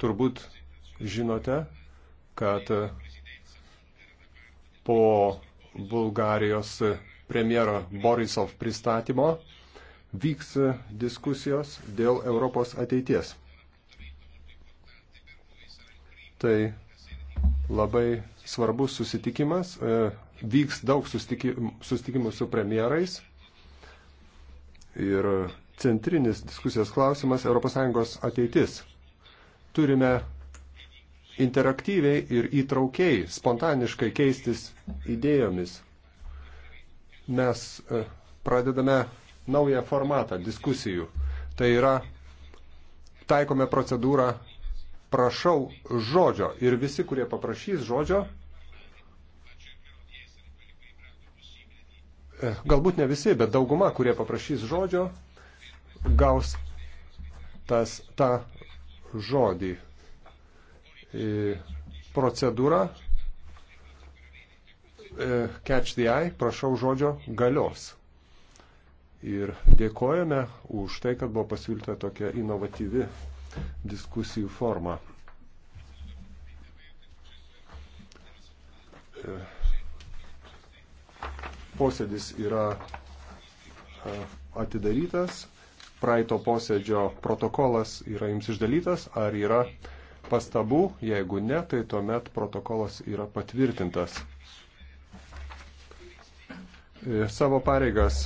Turbūt žinote, kad po Bulgarijos premjero Borisov pristatymo vyks diskusijos dėl Europos ateities. Tai labai svarbus susitikimas, e, vyks daug susitikimų su premjerais ir centrinis diskusijos klausimas ES ateitis turime interaktyviai ir įtraukiai, spontaniškai keistis idėjomis. Mes e, pradedame naują formatą diskusijų. Tai yra, taikome procedūrą prašau žodžio ir visi, kurie paprašys žodžio, e, galbūt ne visi, bet dauguma, kurie paprašys žodžio, gaus tas, tą žodį. Procedūra e, Catch the Eye, prašau žodžio, galios. Ir dėkojame už tai, kad buvo pasiūlyta tokia inovatyvi diskusijų forma. E, posėdis yra e, atidarytas praeito posėdžio protokolas yra jums išdalytas, ar yra pastabų, jeigu ne, tai tuomet protokolas yra patvirtintas. E, savo pareigas